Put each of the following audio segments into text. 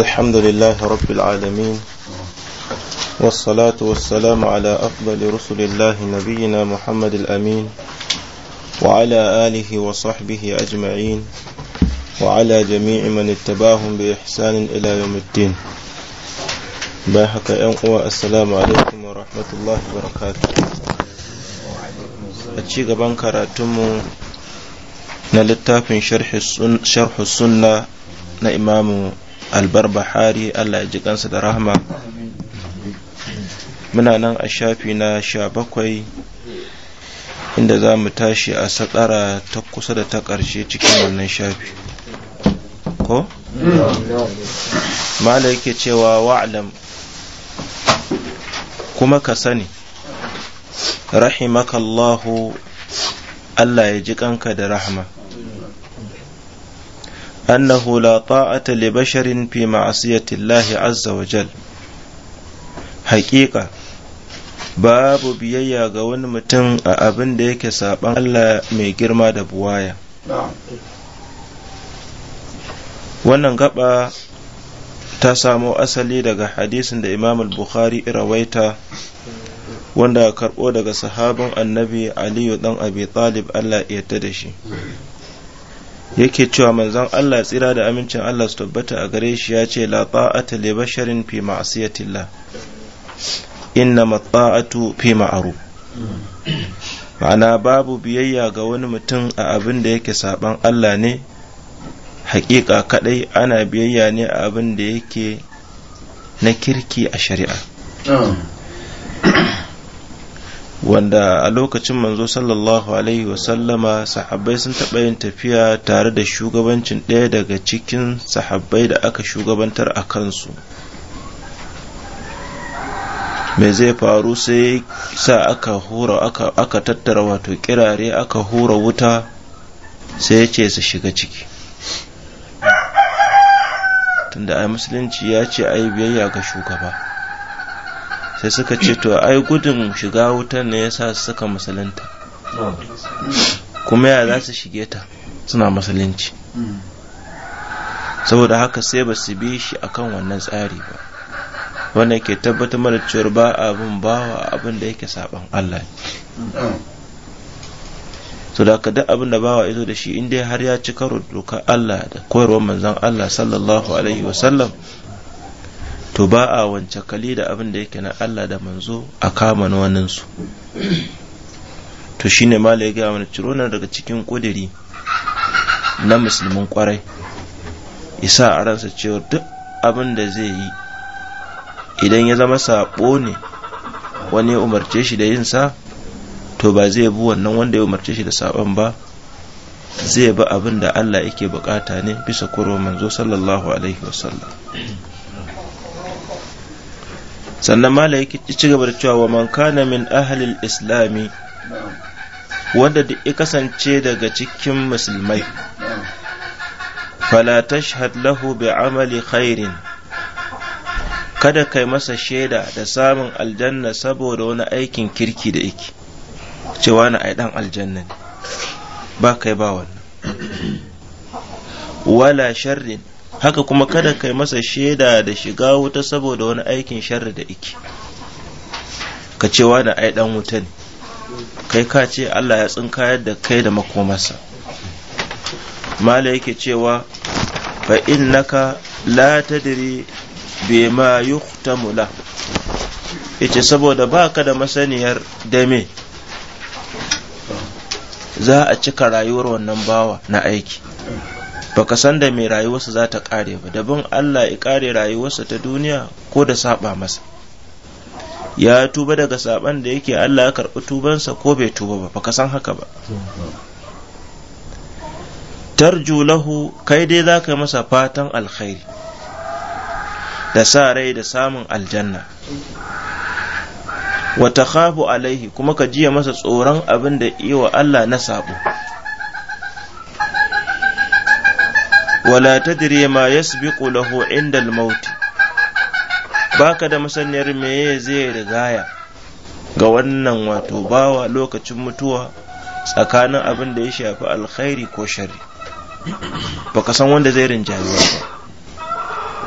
الحمد لله رب العالمين والصلاة والسلام على أفضل رسل الله نبينا محمد الأمين وعلى آله وصحبه أجمعين وعلى جميع من اتباهم بإحسان إلى يوم الدين باحك أنقوى السلام عليكم ورحمة الله وبركاته أتشيق بنكرة تمو na littafin sharh na imamu albarbahari Allah ya ji kansa da rahama muna nan a shafi na sha bakwai inda za mu tashi a sakara ta kusa da ta ƙarshe cikin wannan shafi ko? mala yake cewa wa'alam kuma ka sani rahimakallahu Allah ya ji kanka da rahama أنه لا طاعة لبشر في معصية الله عز وجل حقيقة babu biyayya ga wani mutum a abin da yake saɓan Allah mai girma da buwaya wannan gaba ta samo asali daga hadisin da imam bukhari rawaita wanda karbo daga sahabin annabi aliyu dan abi talib Allah ya da shi yake cewa manzon Allah tsira da amincin Allah su tabbata a gare shi ya ce la ta'ata li basharin fi ma'siyatillah inna ta'atu fi ma'ru ma'ana babu biyayya ga wani mutum a abin da yake saban Allah ne hakika kadai ana biyayya ne a abin da yake na kirki a shari'a oh. wanda a lokacin manzo sallallahu alaihi wasallama sahabbai sun taɓa yin tafiya tare da shugabancin ɗaya daga cikin sahabbai da aka shugabantar a kansu mai zai faru sai sa aka hura aka, tattara wato kirare aka hura wuta sai ya ce su shiga ciki tunda a musulunci ya ce a biyayya ga shugaba sai suka ce to ai gudun shiga wutar ne yasa suka masalinta kuma ya za su shige ta suna musulunci saboda haka sai ba su bi shi akan wannan tsari ba wanda ke tabbatar mana cewar ba abin bawa abin da yake saban Allah so da haka abin da bawa izo da shi inda har ya ci karo doka Allah da koyarwar manzon Allah sallallahu alaihi wasallam to ba a wance kali da abin da yake na Allah da manzo a kama na waninsu to shine mala ya gaya mana ciro daga cikin kudiri na musulmin kwarai isa a ransa cewa duk abin da zai yi idan ya zama saɓo ne wani ya umarce shi da yin sa to ba zai bi wannan wanda ya umarce shi da sabon ba zai bi abin da Allah yake bukata ne bisa kurwa manzo sallallahu alaihi wasallam sannan mala yake ci gaba da cewa wa man kana min ahlil islami wanda duk ya kasance daga cikin musulmai fala tashhad lahu bi amali khairin kada kai masa shaida da samun aljanna saboda wani aikin kirki da yake cewa na ai dan aljanna ba kai ba wannan wala sharrin haka kuma kada kai masa shaida da shiga wuta saboda wani aikin sharri da iki ka cewa da ai dan wuta ne kai ka ce Allah ya tsinkayar da kai da makomarsa mala yake cewa fa innaka la tadri bima yuhtamu la yace saboda baka da masaniyar dame za a cika rayuwar wannan bawa na aiki baka san da mai rayuwarsa za ta kare ba da bin Allah ya kare rayuwarsa ta duniya ko da saba masa ya tuba daga saban da yake Allah ya karɓi tubansa ko bai tuba ba baka san haka ba tarju lahu kai dai za ka masa fatan alkhairi da sa rai da samun aljanna wata khafu alaihi kuma ka jiya masa tsoron abin da iya wa Allah na sabo wala tadri ma yasbiqu lahu inda al baka da masaniyar meye zai rigaya ga wannan wato bawa lokacin mutuwa tsakanin abin da ya shafi alkhairi ko shari baka san wanda zai rinjaye ba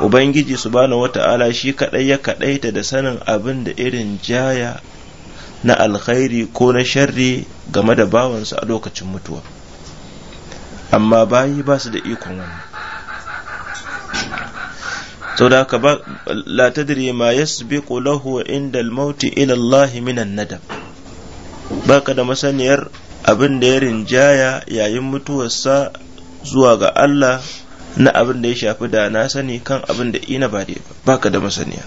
ubangiji subhanahu wata'ala shi kadai ya kadaita da sanin abin da irin jaya na alkhairi ko na sharri game da bawansa a lokacin mutuwa amma bayi ba su da ikon wani sau da haka la ma yasbiqu lahu inda ila Allah minan nadab baka da masaniyar abin da ya rinjaya yayin mutuwarsa zuwa ga Allah na abin da ya shafi da na sani kan abin da ina ba da ka da masaniya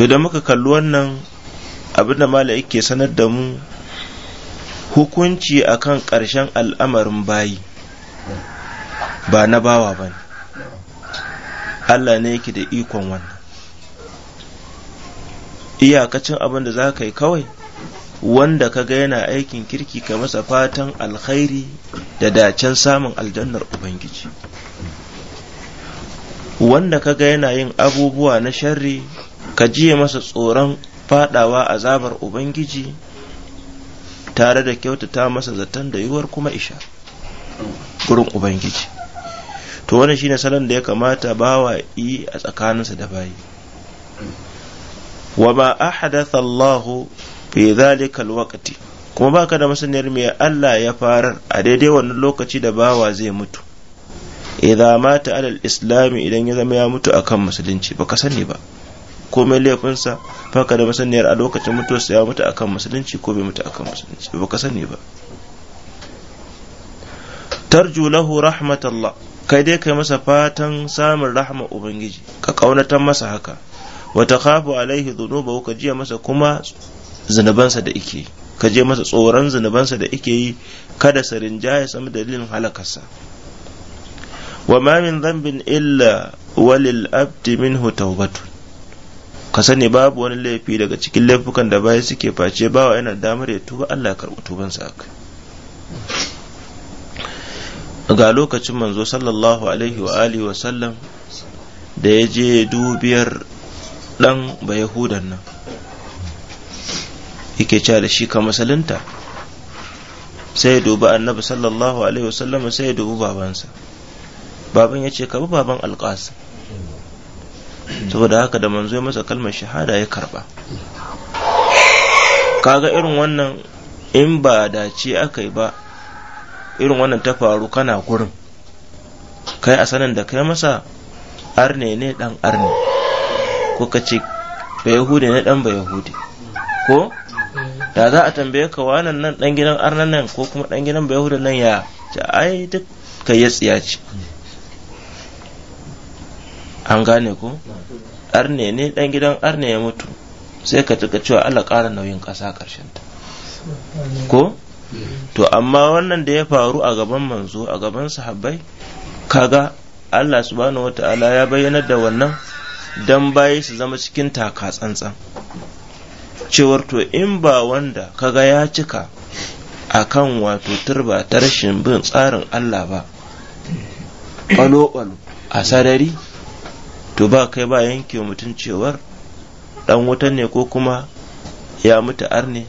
to da muka kalli wannan abin da mala yake sanar da mu hukunci a kan ƙarshen al'amarin bayi ba na bawa ba ne Allah ne yake da ikon wannan iyakacin abin da za ka yi kawai wanda ka ga yana aikin kirki ka masa fatan alkhairi da dacen samun aljannar ubangiji wanda ka ga yana yin abubuwa na sharri ka jiye masa tsoron fadawa azabar ubangiji tare da kyautata masa zaton da yiwuwar kuma isha gurin ubangiji to wannan shine salon da ya kamata bawa yi a tsakaninsa da bayi wa ma ahdatha Allah fi zalika alwaqti kuma baka da masaniyar me Allah ya farar a daidai wannan lokaci da bawa zai mutu idza mata alal islami idan ya zama ya mutu akan musulunci baka sani ba komai laifinsa baka da masaniyar a lokacin mutuwarsa ya mutu akan musulunci ko bai mutu akan musulunci ba ka sani ba tarju lahu rahmatallah kai dai kai masa fatan samun rahma ubangiji ka ƙaunata masa haka wa takhafu alaihi dhunubahu ka jiya masa kuma zunubansa da ike ka je masa tsoron zunubansa da ike yi kada sa ya samu dalilin halakarsa wa ma min dhanbin illa walil abdi minhu tawbatu ka sani babu wani laifi daga cikin laifukan da bayan suke face bawa yana damar ya tuba Allah ya karɓi tuban sa kai ga lokacin manzo sallallahu alaihi wa alihi wa sallam da ya je dubiyar dan bayahudan nan yake cewa da shi ka masalinta sai ya dubi annabi sallallahu alaihi wa sallam sai ya dubi babansa baban ya ce ka bi baban alƙasim saboda haka da manzo masa kalmar shahada ya karba kaga irin wannan in ba da dace aka yi ba irin wannan ta faru kana gurin kai a sanin da kai masa arne ne dan arne ko ka ce ba yahudi ne dan ba yahudi ko da za a tambaye ka wannan nan dan gidan arnan nan ko kuma dan gidan ba yahudi nan ya ta ai duk kai ya tsiya ce an gane ko arne ne dan gidan arne ya mutu sai ka tuka cewa Allah ƙara nauyin ƙasa ƙarshen ta ko to amma wannan da ya faru a gaban manzo a gaban sahabbai kaga Allah subhanahu wata'ala ya bayyana da wannan dan bayi su zama cikin taka tsantsan cewar to in ba wanda kaga ya cika akan wato turba ta rashin bin tsarin Allah ba ƙwalo-ƙwalo a sarari to ba kai ba yanke mutum cewar dan wutan ne ko kuma ya mutu arne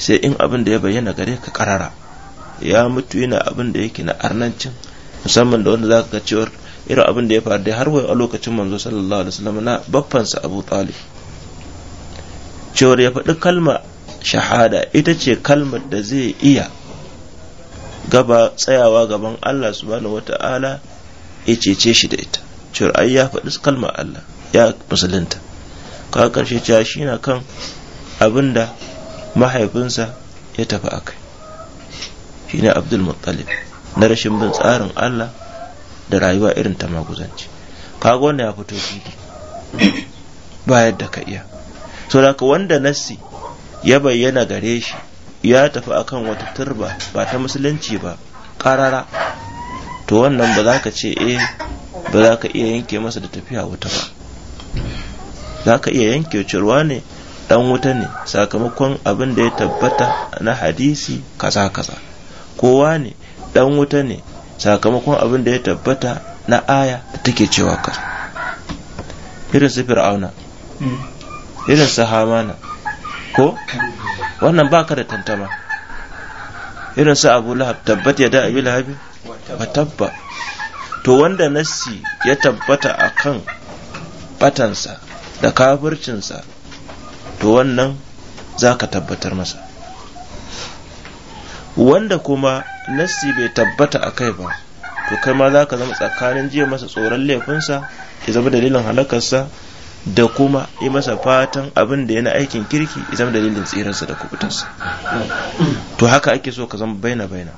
sai in abin da ya bayyana gare ka karara ya mutu yana abin da yake na arnancin musamman da wanda zaka ga cewar irin abin da ya faru dai har wai a lokacin manzo sallallahu alaihi wasallam na baffansa Abu Talib cewar ya faɗi kalma shahada ita ce kalmar da zai iya gaba tsayawa gaban Allah subhanahu wata'ala ya cece shi da ita cewar ai ya faɗi kalmar Allah ya musulunta ka ƙarshe cewa shi na kan abin da mahaifinsa ya tafi a kai shi ne abdul muttalib na rashin bin tsarin Allah da rayuwa irin ta maguzanci kaga wannan ya fito fili ba yadda ka iya so da wanda nassi ya bayyana gare shi ya tafi akan wata turba ba ta musulunci ba karara to wannan ba za ka ce eh ba za ka iya yanke masa da tafiya wuta ba za ka iya yanke cirwa ne dan wuta ne sakamakon abin da ya tabbata na hadisi kaza kaza kowa ne dan wuta ne sakamakon abin da ya tabbata na aya da take cewa ka irin su fir'auna irin su hamana ko wannan baka da tantama irin su abu lahab tabbat ya da abu lahabi wa tabba to wanda nassi ya tabbata a kan batansa da kafircinsa to wannan za ka tabbatar masa wanda kuma nassi bai tabbata a kai ba to kai ma za ka zama tsakanin jiya masa tsoron laifinsa ya zama dalilin halakarsa da kuma yi masa fatan abin da yana aikin kirki ya zama dalilin tsirarsa da kubutarsa to haka ake so ka zama baina baina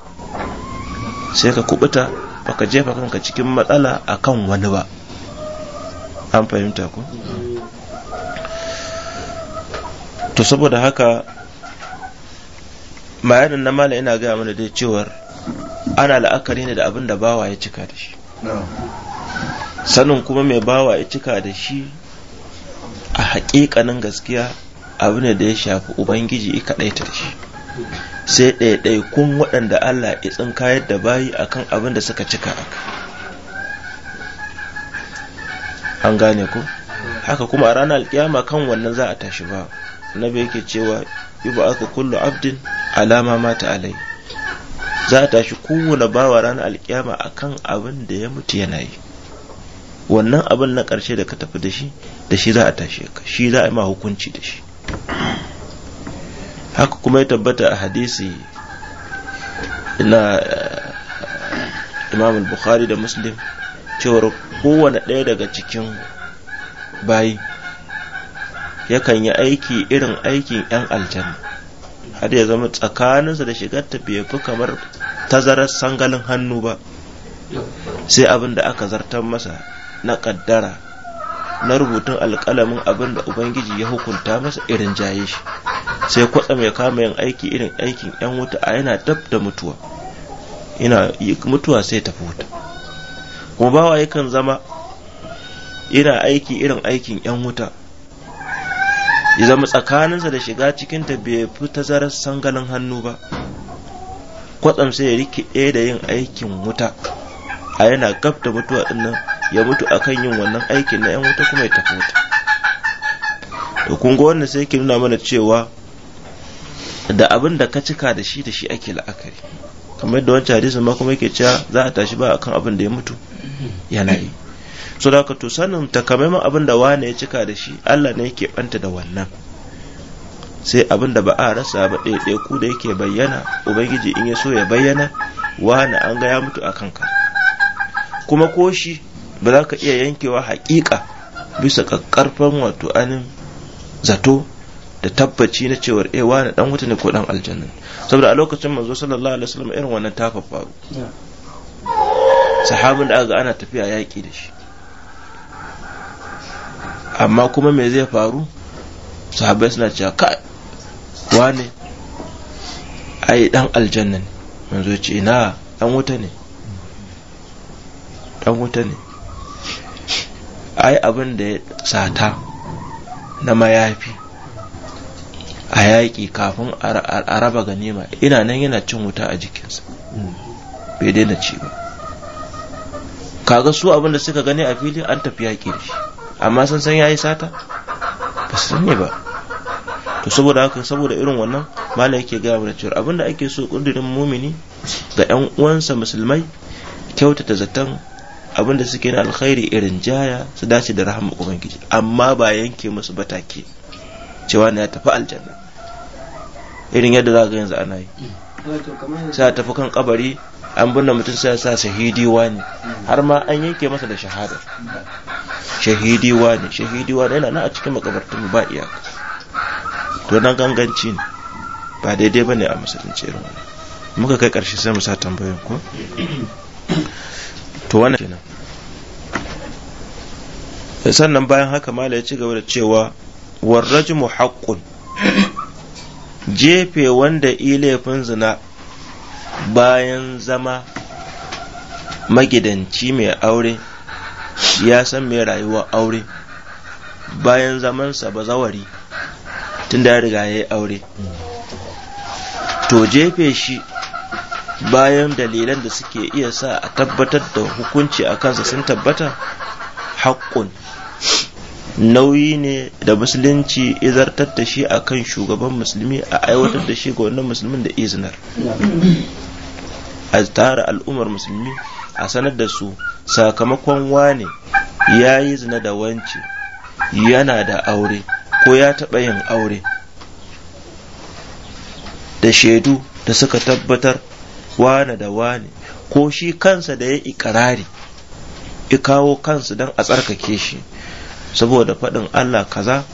sai ka kubuta baka jefa kanka cikin matsala akan wani ba an fahimta ku to saboda haka bayanin na mala ina gaya mana dai cewar ana la'akari ne da abin da bawa ya cika da shi sanin kuma mai bawa ya cika da shi a haƙiƙanin gaskiya abu ne da ya shafi ubangiji ikaɗaita da shi sai kun waɗanda Allah ya tsinkayar da bayi akan abin da suka cika aka an gane ku haka kuma a ranar alƙiyama kan wannan za a tashi ba annabi yake cewa yi ba aka kullu abdin alama mata alai za a tashi kowane bawa ranar alƙiyama a kan abin da ya mutu yana yi wannan abin na ƙarshe da ka tafi da shi da shi za a tashi ka shi za a yi ma hukunci da shi haka kuma ya tabbata a hadisi na eh, imamul bukhari da muslim cewar kowane ɗaya daga cikin bayi yakan yi aiki irin aikin 'yan aljanna har ya zama tsakaninsa da shigar tafiye fi kamar tazarar sangalin hannu ba sai abin da aka zartar masa na ƙaddara na rubutun alƙalamin abin da ubangiji ya hukunta masa irin jaye shi sai kwatsa mai kama yin aiki irin aikin yan wuta a yana dab da mutuwa ina mutuwa sai tafi wuta kuma bawa yakan zama ina aiki irin aikin yan wuta ya zama tsakaninsa da shiga cikin ta bai fi tazarar sangalin hannu ba kwatsam sai ya rike da yin aikin wuta a yana gab da mutuwa ya mutu akan yin wannan aikin na yan wuta kuma ya tafi wuta Da kun wannan sai ke nuna mana cewa da abin da ka cika da shi da shi ake la'akari kamar da wancan hadisin ma kuma yake cewa za a tashi ba akan abin da ya mutu yana yi so da to sanin takamaiman abin da wane ya cika da shi Allah ne yake banta da wannan sai abin da ba a rasa ba ɗaiɗe ku da yake bayyana ubangiji in ya so ya bayyana wane an ga ya mutu a kanka kuma ko shi ba za ka iya yankewa haƙiƙa bisa ƙaƙƙarfan wato anin zato da tabbaci na cewar eh wani dan wuta ne ko dan aljanna saboda a lokacin manzo sallallahu alaihi wasallam irin wannan ta faru sahabin da aka ana tafiya yaƙi da shi amma kuma me zai faru sahabai suna cewa ka wane ai dan aljanna ne manzo ce na dan wuta ne dan wuta ne ai abin da ya sata na mayafi a yaƙi kafin a raba ganima ina nan yana cin wuta a jikinsa bai daina ci ba kaga su abin da suka gani a fili an tafi yaƙi da shi amma sun san yayi sata ba su sani ba to saboda haka saboda irin wannan mala yake gaya mana cewa abin da ake so kundurin mumini ga 'yan uwansa musulmai kyautata zaton abin da suke na alkhairi irin jaya su dace da rahama ubangiji amma ba yanke musu batake cewa na ya tafi aljanna irin yadda za ga yanzu ana yi sai tafi kan kabari an binne mutum sai sa shahidi wani har ma an yanke masa da shahada shahidi wani shahidi wani yana nan a cikin makabartun ba iyaka to nan ganganci ne ba daidai bane a musulunci irin wani muka kai karshe sai mu sa tambayoyin ko to wannan kenan sannan bayan haka mala ya ci gaba da cewa mu haƙƙun. jefe wanda ilefin zina bayan zama magidanci mai aure ya san mai rayuwa aure bayan zamansa ba zawari tun da ya riga ya yi aure to jefe shi bayan dalilan da suke iya sa a tabbatar da hukunci a kansa sun tabbata haƙƙun nauyi ne da musulunci izartar da shi a kan shugaban musulmi a aiwatar da shi ga wannan musulmin da izinar a tara al'ummar musulmi a sanar da su sakamakon wane ya yi zina da wance yana da aure ko ya taɓa yin aure da shaidu da suka tabbatar wane da wane ko shi kansa da ya iƙirari i kawo kansu don a tsarkake shi saboda faɗin Allah kaza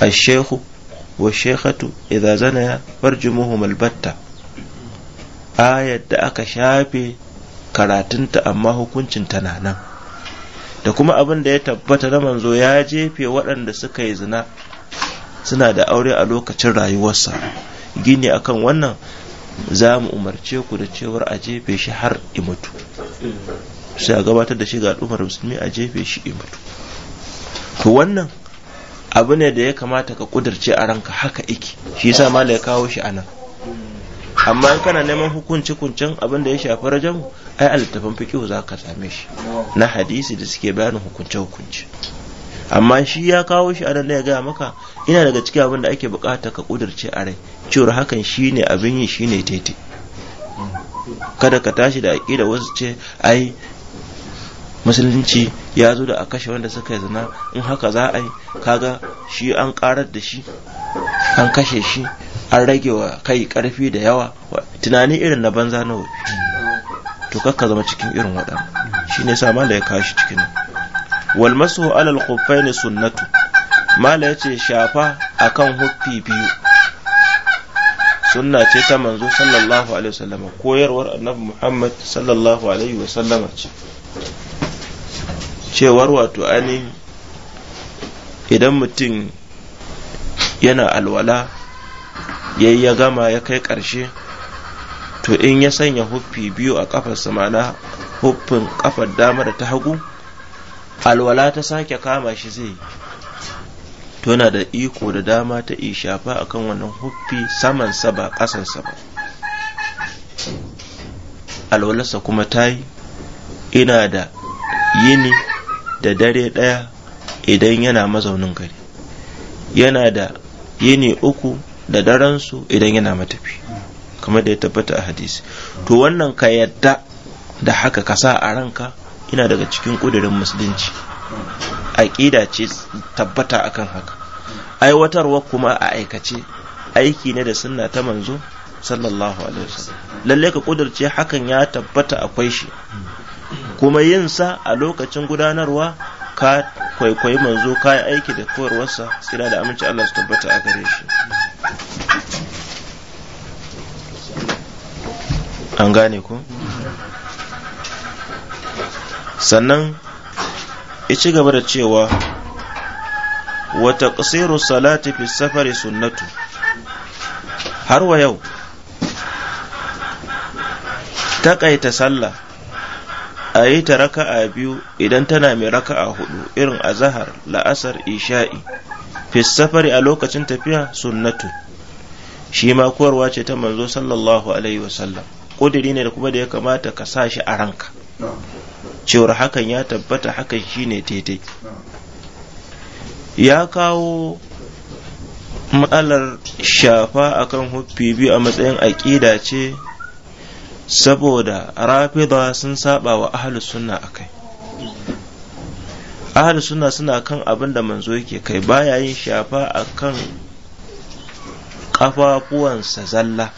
a shehu wa shekhatu ya farji farjumuhum albatta A da aka shafe karatunta amma hukuncin tana nan da kuma abin da ya tabbata na manzo ya jefe waɗanda suka yi zina suna da aure a lokacin rayuwarsa gini akan wannan za mu umarce ku da cewar a jefe shi har imatu sai a gabatar da shi ga al'ummar musulmi a jefe shi imatu to wannan abu ne da ya kamata ka kudurce a ranka haka iki shi yasa mala ya kawo shi anan amma in kana neman hukunci kuncin abin da ya shafi rajen ai a littafin fiqh za ka same shi na hadisi da suke bayanin hukunce hukunci amma shi ya kawo shi a nan da ya gaya maka ina daga cikin abin da ake bukata ka kudurce a rai cewar hakan shine abin yi shine tete kada ka tashi da aƙida wasu ce ai musulunci ya zo da a kashe wanda suka yi zina in haka za a yi kaga shi an karar da shi an kashe shi an rage wa kai karfi da yawa tunani irin na banza na wofi to kakka zama cikin irin waɗan shi ne sa mala ya kashi cikin walmasu alal sunnatu mala ya ce shafa akan huffi biyu sunna ce ta manzo sallallahu alaihi wasallam koyarwar annabi muhammad sallallahu alaihi wasallam ce cewar wato ani idan mutum yana alwala yayi ya gama ya kai ƙarshe to in ya sanya huffi biyu a ƙafarsa ma'ana huffin ƙafar dama da ta hagu alwala ta sake kama shi zai yi to yana da iko da dama ta iya shafa akan wannan huffi saman ba ƙasansa ba alwalarsa kuma ta yi ina da yini da dare ɗaya idan yana mazaunin gari yana da yini uku da daransu idan yana matafi kamar da ya tabbata a hadisi to wannan ka yadda da haka ka sa a ranka ina daga cikin ƙudurin musulunci aƙida ce tabbata akan haka aiwatarwa kuma a aikace aiki ne da sunna ta manzo sallallahu alaihi wasallam lalle ka kudurce hakan ya tabbata akwai shi kuma yin sa a lokacin gudanarwa ka kwaikwayi manzo ka yi aiki da koyarwarsa tsira da aminci Allah su tabbata a gare shi an gane ku sannan ya ci gaba da cewa wata taqsiru salati fi safari sunnatu har wa yau takaita sallah a yi ta raka'a biyu idan tana mai raka'a hudu irin a zahar la'asar isha'i fi safari a lokacin tafiya sunnatu shi ma kowarwa ce ta manzo sallallahu alaihi wasallam ƙudiri ne da kuma da ya kamata ka sa shi a ranka cewar hakan ya tabbata hakan shine tete ya kawo matsalar shafa akan huffi biyu a matsayin aƙida ce saboda rafida sun saba wa ahlu sunna kai. ahlu sunna suna kan abin da manzo yake kai baya yin shafa a kan kafafuwansa zalla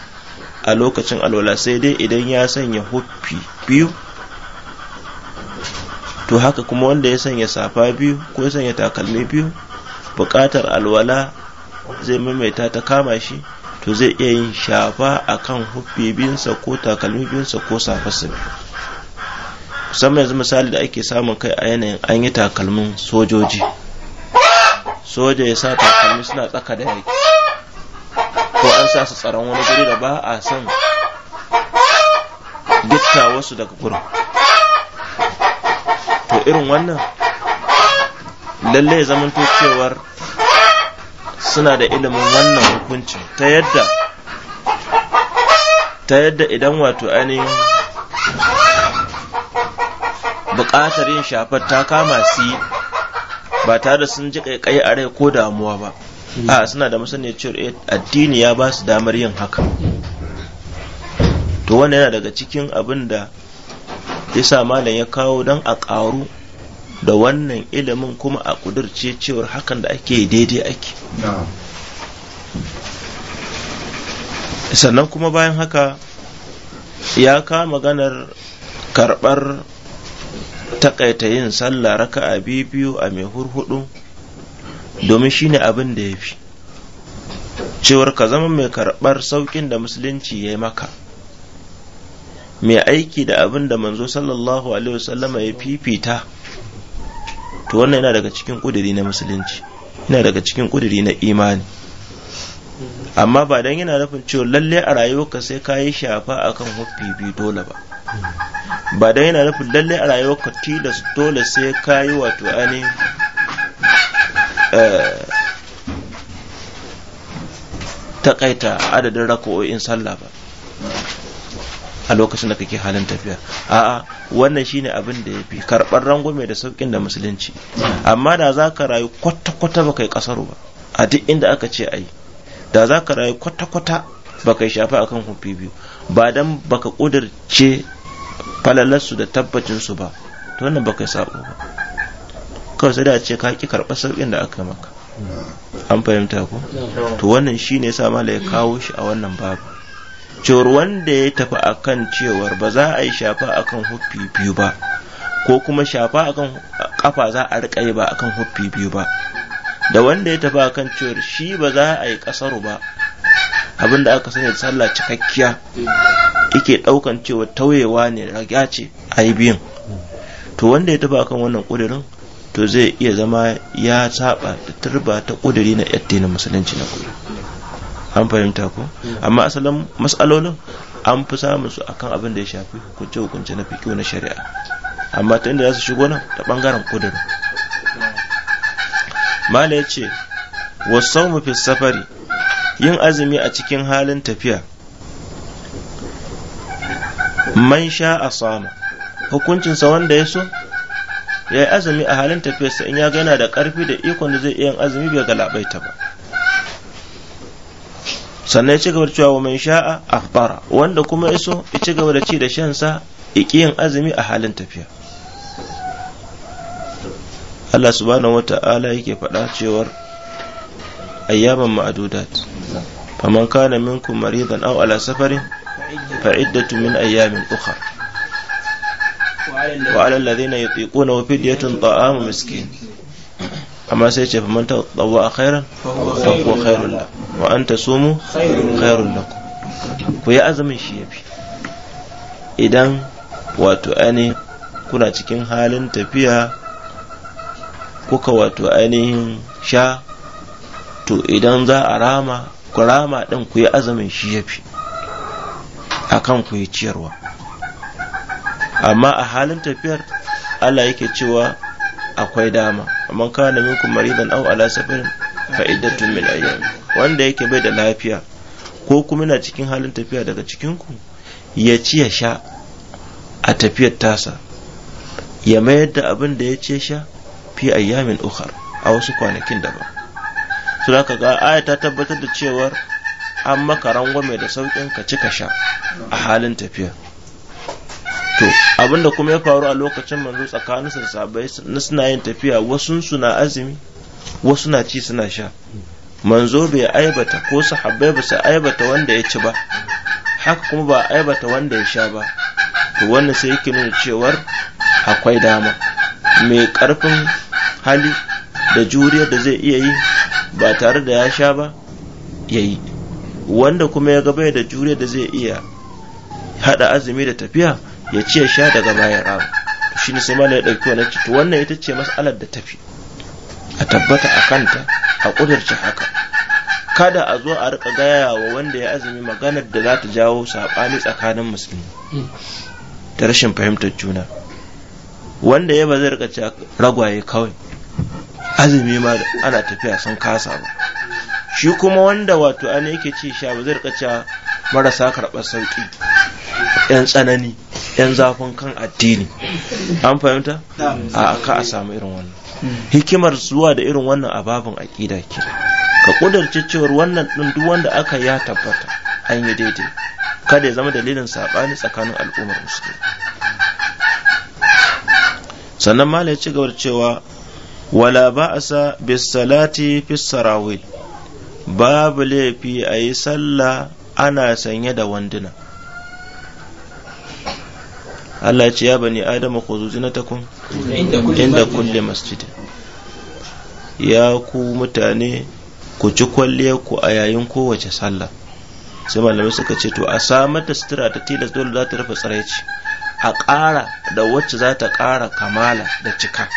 a lokacin alwala sai dai idan ya sanya huffi biyu to haka kuma wanda ya sanya safa biyu ko ya sanya takalmi biyu buƙatar alwala zai maimaita ta kama shi to zai iya yin shafa kan kan biyunsa ko takalmi biyunsa ko safarsa musamman yanzu misali da ake samun kai a yanayin an yi takalmin sojoji soja ya sa takalmi suna tsaka da yaki ko an sa su tsaron wani guri da ba a san gitta wasu daga gurin to irin wannan lallai zamanto cewar suna da ilimin wannan hukuncin ta yadda ta yadda idan wato ainihin buƙatar yin shafar ta kama si ba tare da sun ji a rai ko damuwa ba hmm. a suna da masaniya cewar eh, addini ya ba su damar yin haka to wannan yana daga cikin abin da yasa malam ya kawo dan a ƙaru da wannan ilimin kuma a ƙudurce cewar hakan da ake daidai ake sannan kuma bayan haka ya ka maganar karɓar takaita yin sallah raka'a biyu a mai hurhudu domin shine abin da ya fi cewar ka zama mai karɓar sauƙin da musulunci ya yi maka mai aiki da abin da manzo sallallahu alaihi wasallama ya fifita to wannan yana daga cikin kudiri na musulunci yana daga cikin kudiri na imani amma ba dan yana nufin cewa lalle a rayuwarka sai ka yi shafa akan huffi biyu dole ba ba dan yana nufin lalle a rayuwarka tilas dole sai ka yi wato ainihin eh, takaita adadin raka'o'in sallah ba a lokacin da kake halin tafiya a'a wannan shine abin da yafi karɓar rangume da saukin da musulunci amma da za ka rayu kwata-kwata baka yi ƙasar ba a duk inda aka ce ayi da za ka rayu kwata-kwata baka yi shafa akan hufi biyu ba dan baka ƙudirce falalarsu da tabbacinsu ba to wannan baka yi sabo ba kawai sai da ce ka ki karɓar saukin da aka maka an fahimta ko to wannan shine yasa malai ya kawo shi a wannan babu cewar wanda ya tafi akan cewar ba za a yi shafa akan huffi biyu ba ko kuma shafa akan kafa za a riƙa yi ba akan huffi biyu ba da wanda ya tafi akan cewar shi ba za a yi ƙasaru ba abin da aka sani sallah cikakkiya yake ɗaukan cewa tauyewa ne ragya ce a yi biyun to wanda ya tafi akan wannan ƙudurin to zai iya zama ya saba da turba ta ƙuduri na addinin musulunci na kudu an fahimta ko amma asalin matsalolin an fi samun su akan abin da ya shafi hukunce hukunce na fiƙo na shari'a amma ta inda za su shigo nan ta bangaren kudurin mala ya ce wasu mafi safari yin azumi a cikin halin tafiya man sha a sama hukuncinsa wanda ya so ya yi azumi a halin tafiya tafiyarsa in ya ga yana da karfi da ikon da zai iya yin azumi bai galabaita ba sannan ya ci gaba da cewa wa man sha'a akhbara wanda kuma iso ya ci gaba da ci da shan sa yin azumi a halin tafiya Allah subhanahu wata'ala yake faɗa cewar ayyaman ma'adudat faman kana minkum maridan aw ala safarin fa iddatu min ayyamin ukhra wa ala alladhina yutiquna fidyatun ta'amu miskin amma sai ce faman tawwa khairan fa huwa khairul lak wa an tasumu khairul lak ku yi azumin shi ya fi idan wato ani kuna cikin halin tafiya kuka wato ainihin sha to idan za a rama ku rama din ku yi azumin shi ya fi a kan ku yi ciyarwa amma a halin tafiyar Allah yake cewa akwai dama amma kana minkum maridan aw ala safarin fa iddatun min ayyam wanda yake bai da lafiya ko kuma yana cikin halin tafiya daga cikin ku ya ci ya sha a tafiyar tasa ya mayar da abin da ya ce sha fi ayyamin ukhar a wasu kwanakin daba su da ga aya ta tabbatar da cewar an maka rangwame da sauƙin ka ci ka sha a halin tafiya to abin da kuma ya faru a lokacin manzo tsakanin da sabai na suna yin tafiya wasu suna azumi wasu na ci suna sha manzo bai aibata ko sahabbai ba su aibata wanda ya ci ba haka kuma ba aibata wanda ya sha ba to wannan sai yake nuna cewar akwai dama mai karfin hali da juriyar da zai iya yi ba tare da ya sha ba ya yi wanda kuma ya gaba da juriya da zai iya hada azumi da tafiya ya ce ya sha daga bayan rana to ne sai ya ɗauki wannan ci to wannan ita ce mas'alar da tafi a tabbata a kanta a ƙudurci haka kada a zo a riƙa gaya wa wanda ya azumi maganar da za ta jawo saɓani tsakanin musulmi Da rashin fahimtar juna wanda ya ba zai riƙa ragwaye kawai azumi ma ana tafiya sun kasa ba shi kuma wanda wato ana yake ce sha ba zai riƙa marasa karɓar sauƙi yan tsanani 'yan zafin kan addini an fahimta a ka a samu irin wannan hikimar zuwa da irin wannan a babin aƙida ke ka kudarci cewar wannan ɗin duk wanda aka ya tabbata an yi daidai kada ya zama dalilin saɓani tsakanin al'ummar musulmi sannan mala ya ci gaba cewa wala a sa bisalati fi sarawil babu laifi a yi sallah ana sanye da wanduna Allah ya ce ya bani adama ko na takun inda kulle masjid ya ku mutane ku ci kwalliyar ku a yayin kowace sallah sai malamai suka ce to a samar da sutura ta tilas dole za ta rufe tsaraici a ƙara da wacce za ta ƙara kamala da cika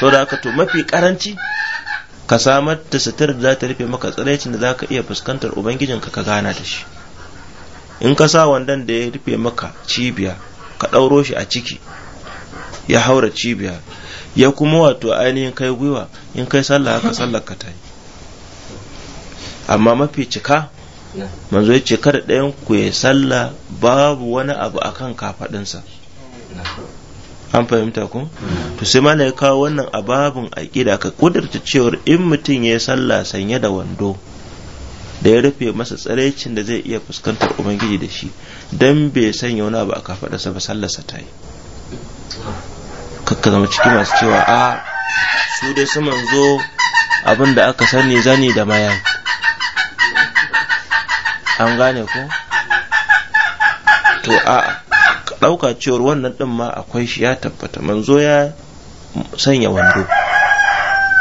to da haka to mafi karanci ka samar da sutura da za ta rufe maka tsiraicin da za ka iya fuskantar ubangijinka ka gana da shi in ka sa wandon da ya rufe maka cibiya ka ɗauro shi a ciki ya haura cibiya ya kuma wato ainihin kai gwiwa in kai sallah haka sallar ka ta yi amma mafi cika manzo ya ce kada ɗayan ku ya sallah babu wani abu a kan kafaɗinsa an fahimta ku to sai mana ya kawo wannan ababin aƙida ka kudurta cewar in mutum ya sallah sanye da wando da ya rufe masa tsaraicin da zai iya fuskantar ubangiji da shi dan bai sanya wani abu a kafadarsa ba sallarsa ta yi kakka zama ciki masu cewa a su dai su manzo abin aka sani zani da mayan an gane ko to a ɗauka cewar wannan ɗin ma akwai shi ya tabbata manzo ya sanya wando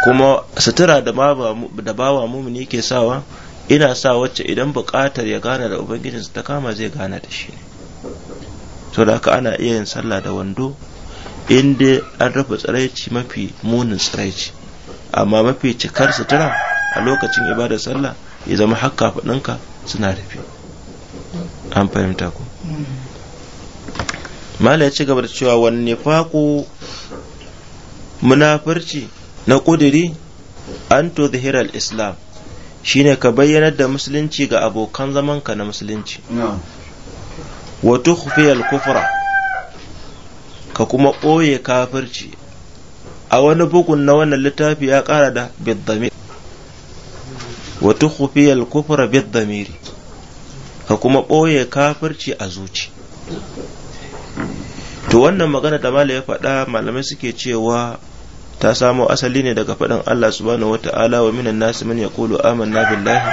kuma sutura da bawa mumini ke sawa ina sa wacce idan buƙatar ya gana da ubangijinsa ta kama zai gana da shi ne to da haka ana iya yin sallah da wando inda an rufe tsiraici mafi munin tsiraici amma mafi cikar sutura a lokacin ibadar sallah ya zama hakka faɗinka suna rufe an fahimta ku mala ya ci gaba da cewa wani faƙo munafarci na ƙudiri an to islam shine ka bayyanar da musulunci ga abokan zamanka na musulunci wato tukhfiyal kufra ka kuma ɓoye kafirci a wani bugun na wannan littafi ya ƙara da biddamir wato tukhfiyal kufra biddamiri ka kuma ɓoye kafirci a zuci to wannan magana da malam ya faɗa malamai suke cewa ta samo asali ne daga faɗin Allah subhanahu ta'ala wa minan nasu man yaqulu amanna billahi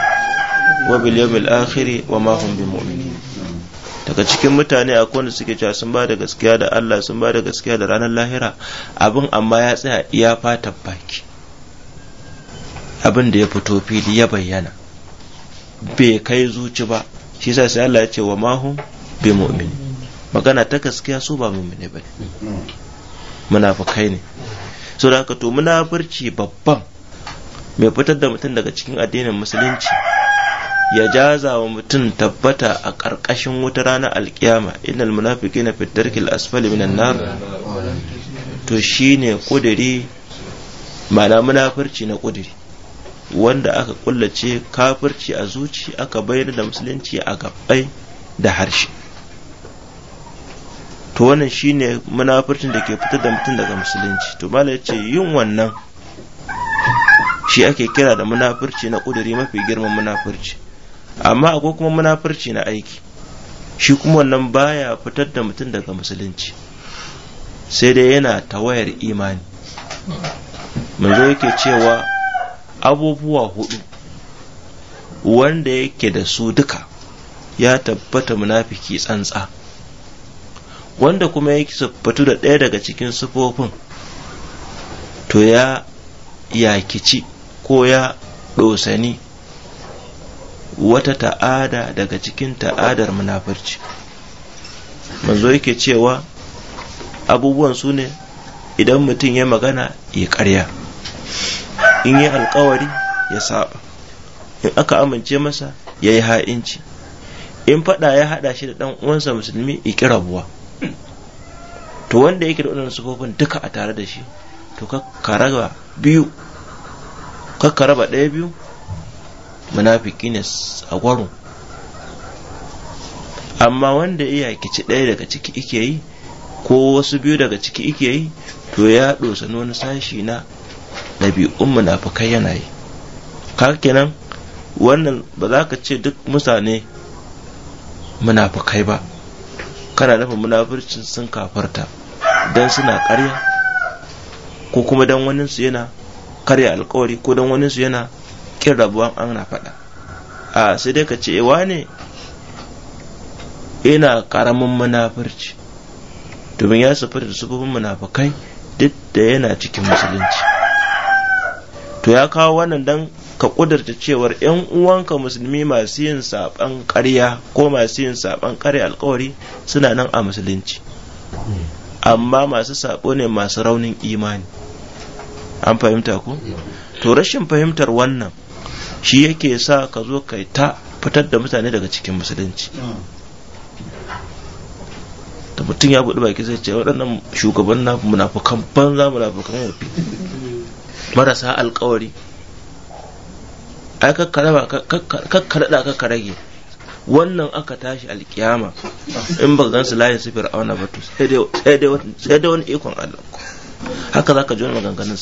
wa bil yawmil akhir wa ma hum daga cikin mutane a wanda suke cewa sun ba da gaskiya da Allah sun ba da gaskiya da ranar lahira abin amma ya tsaya ya fata baki abin da ya fito fili ya bayyana bai kai zuci ba shi yasa sai Allah ya ce wa ma hum magana ta gaskiya su ba mu'mini bane munafukai ne so da to munafurci babban mai fitar da mutum daga cikin addinin musulunci ya jaza wa mutum tabbata a ƙarƙashin wuta ranar alkiyama innal munafiqina fi darkil asfali minan nar to shi ne ƙudiri ma'ana munafurci na ƙudiri wanda aka kullace kafirci a zuci aka bayyana da musulunci a gabbai da harshe to wannan shine munafircin da ke fitar da mutum daga musulunci to mala yace yin wannan shi ake kira da munafurci na kuduri mafi girman munafirci amma akwai kuma munafirci na aiki shi kuma wannan baya fitar da mutum daga musulunci sai dai yana tawayar imani manzo yake cewa abubuwa hudu wanda yake da su duka ya tabbata munafiki tsantsa wanda kuma yake fito da ɗaya daga cikin sifofin to ya yakici ko ya ɗosani wata ta'ada daga cikin ta'adar munafurci manzo yake cewa abubuwan su ne idan mutum ya magana ya karya in yi alkawari ya saba in aka amince masa ya yi ha'inci in faɗa ya haɗa shi da ɗan uwansa musulmi ya ƙi rabuwa to wanda yake da wannan sukofin duka a tare da shi to ka raba biyu ka raba ɗaya biyu munafiki ne a gwaro amma wanda iya kici ɗaya daga ciki ike yi ko wasu biyu daga ciki ike yi to ya dosa wani sashi na ɗabi'un munafukai yana yi kenan wannan ba za ka ce duk mutane munafukai ba kana dafa munafircin sun kafarta don suna karya ko kuma don waninsu yana karya alkawari ko don waninsu yana kin rabuwan na faɗa a sai dai ka ce eh, wa ne ina karamin munafirci domin ya sufuri da sufufin munafukai duk da yana cikin musulunci to ya kawo wannan dan ka kudurta cewar yan uwanka musulmi masu yin saban ƙarya ko masu yin saban ƙarya alkawari suna nan a musulunci amma masu sabo ne masu raunin imani an fahimta ko to rashin fahimtar wannan shi yake sa ka zo kai ta fitar da mutane daga cikin musulunci da mutum ya buɗi baki sai ce waɗannan shugaban na munafukan banza munafukan yafi marasa alkawari ai kakka ba kakka da rage wannan aka tashi alkiyama in ba gansu layin su fir'auna ba to sai dai wani ikon Allah haka za ka ji wani maganganun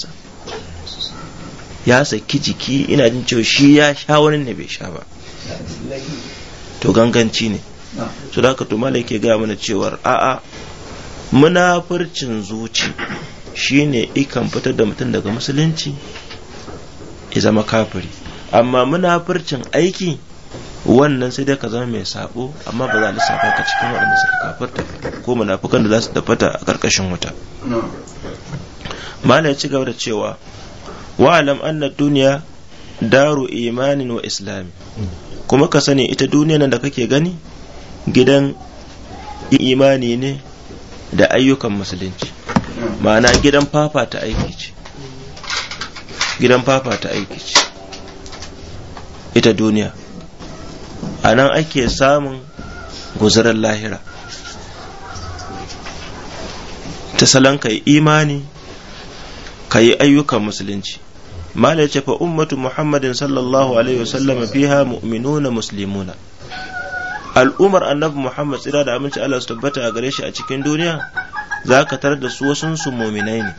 ya saki jiki ina jin cewa shi ya sha wani ne bai sha ba to ganganci ne su da to mala yake gaya mana cewar a'a munafurcin zuci shine ikan fitar da mutum daga musulunci ya zama kafiri amma munafircin aiki wannan sai dai ka zama mai sabo amma ba za a lissafa ka cikin waɗanda suka kafarta ko munafukan da za su tabbata a ƙarƙashin wuta mala ya ci gaba da cewa wa'alam anna duniya daru imanin wa islami kuma ka sani ita duniya nan da kake gani gidan imani ne da ayyukan musulunci ma'ana gidan fafata aiki ce aiki ce ita duniya a nan ake samun guzurin lahira ta salon ka yi imani ka yi ayyukan musulunci mala ya ce fa ummatu muhammadin sallallahu alaihi wasallama fiha mu'minuna muslimuna al'ummar annabi muhammad tsira da aminci allah su tabbata a gare shi a cikin duniya za ka tarar da su wasunsu muminai ne